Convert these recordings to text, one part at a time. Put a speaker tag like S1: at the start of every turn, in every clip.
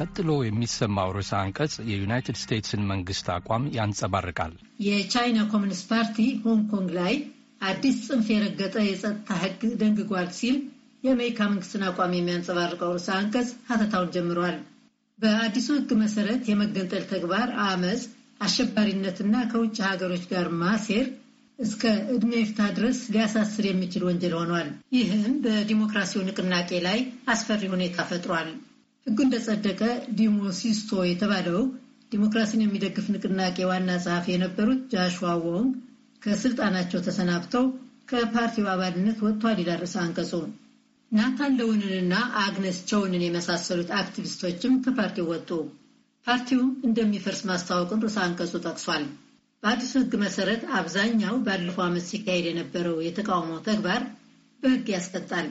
S1: ቀጥሎ የሚሰማው ርዕሰ አንቀጽ የዩናይትድ ስቴትስን መንግስት አቋም ያንጸባርቃል። የቻይና ኮሚኒስት ፓርቲ ሆንግ ኮንግ ላይ አዲስ ጽንፍ የረገጠ የጸጥታ ሕግ ደንግጓል ሲል የአሜሪካ መንግስትን አቋም የሚያንጸባርቀው ርዕሰ አንቀጽ ሀተታውን ጀምሯል። በአዲሱ ህግ መሰረት የመገንጠል ተግባር አመፅ፣ አሸባሪነትና ከውጭ ሀገሮች ጋር ማሴር እስከ ዕድሜ ፍታ ድረስ ሊያሳስር የሚችል ወንጀል ሆኗል። ይህም በዲሞክራሲው ንቅናቄ ላይ አስፈሪ ሁኔታ ፈጥሯል። ህጉ እንደጸደቀ ዲሞሲስቶ የተባለው ዲሞክራሲን የሚደግፍ ንቅናቄ ዋና ጸሐፊ የነበሩት ጃሽዋ ወንግ ከስልጣናቸው ተሰናብተው ከፓርቲው አባልነት ወጥቷል ይላል ርዕሰ አንቀጹ። ናታን ለውንንና አግነስ ቸውንን የመሳሰሉት አክቲቪስቶችም ከፓርቲው ወጡ። ፓርቲው እንደሚፈርስ ማስታወቅን ርዕሰ አንቀጹ ጠቅሷል። በአዲሱ ህግ መሰረት አብዛኛው ባለፈው ዓመት ሲካሄድ የነበረው የተቃውሞ ተግባር በህግ ያስቀጣል።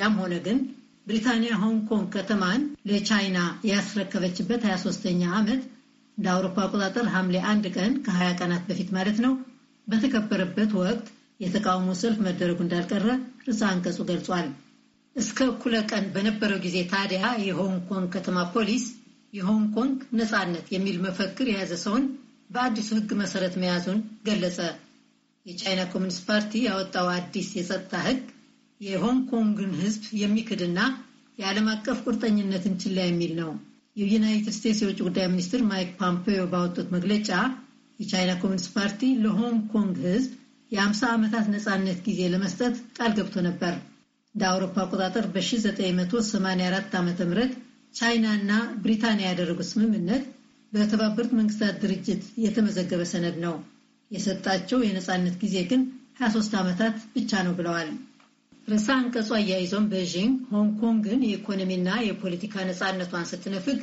S1: ያም ሆነ ግን ብሪታንያ ሆንግ ኮንግ ከተማን ለቻይና ያስረከበችበት 23ኛ ዓመት እንደ አውሮፓ አቆጣጠር ሐምሌ አንድ ቀን ከ20 ቀናት በፊት ማለት ነው በተከበረበት ወቅት የተቃውሞ ሰልፍ መደረጉ እንዳልቀረ ርዕሰ አንቀጹ ገልጿል። እስከ እኩለ ቀን በነበረው ጊዜ ታዲያ የሆንግ ኮንግ ከተማ ፖሊስ የሆንግ ኮንግ ነፃነት የሚል መፈክር የያዘ ሰውን በአዲሱ ሕግ መሰረት መያዙን ገለጸ። የቻይና ኮሚኒስት ፓርቲ ያወጣው አዲስ የጸጥታ ሕግ የሆንግ ኮንግን ህዝብ የሚክድና የዓለም አቀፍ ቁርጠኝነትን ችላ የሚል ነው። የዩናይትድ ስቴትስ የውጭ ጉዳይ ሚኒስትር ማይክ ፖምፔዮ ባወጡት መግለጫ የቻይና ኮሚኒስት ፓርቲ ለሆንግ ኮንግ ህዝብ የ50 ዓመታት ነፃነት ጊዜ ለመስጠት ቃል ገብቶ ነበር። እንደ አውሮፓ አቆጣጠር በ1984 ዓ ም ቻይና እና ብሪታንያ ያደረጉት ስምምነት በተባበሩት መንግስታት ድርጅት የተመዘገበ ሰነድ ነው። የሰጣቸው የነፃነት ጊዜ ግን 23 ዓመታት ብቻ ነው ብለዋል። ርዕሰ አንቀጹ አያይዞም ቤዥንግ ሆንግ ኮንግን የኢኮኖሚና የፖለቲካ ነፃነቷን ስትነፍግ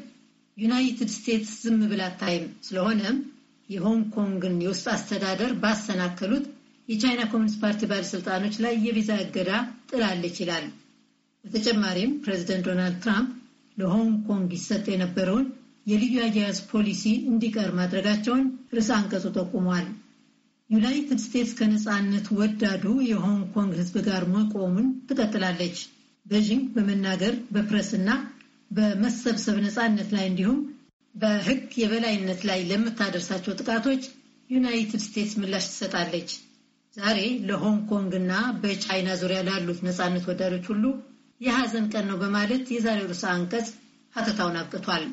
S1: ዩናይትድ ስቴትስ ዝም ብላ ታይም ስለሆነም የሆንግ ኮንግን የውስጥ አስተዳደር ባሰናከሉት የቻይና ኮሚኒስት ፓርቲ ባለስልጣኖች ላይ የቪዛ እገዳ ጥላለች ይላል። በተጨማሪም ፕሬዚደንት ዶናልድ ትራምፕ ለሆንግ ኮንግ ይሰጥ የነበረውን የልዩ አያያዝ ፖሊሲ እንዲቀር ማድረጋቸውን ርዕሰ አንቀጹ ጠቁሟል። ዩናይትድ ስቴትስ ከነፃነት ወዳዱ የሆንግ ኮንግ ህዝብ ጋር መቆሙን ትቀጥላለች። በዥንግ በመናገር በፕረስና በመሰብሰብ ነፃነት ላይ እንዲሁም በህግ የበላይነት ላይ ለምታደርሳቸው ጥቃቶች ዩናይትድ ስቴትስ ምላሽ ትሰጣለች። ዛሬ ለሆንግ ኮንግ እና በቻይና ዙሪያ ላሉት ነፃነት ወዳዶች ሁሉ የሐዘን ቀን ነው በማለት የዛሬው ርዕሰ አንቀጽ ሀተታውን አብቅቷል።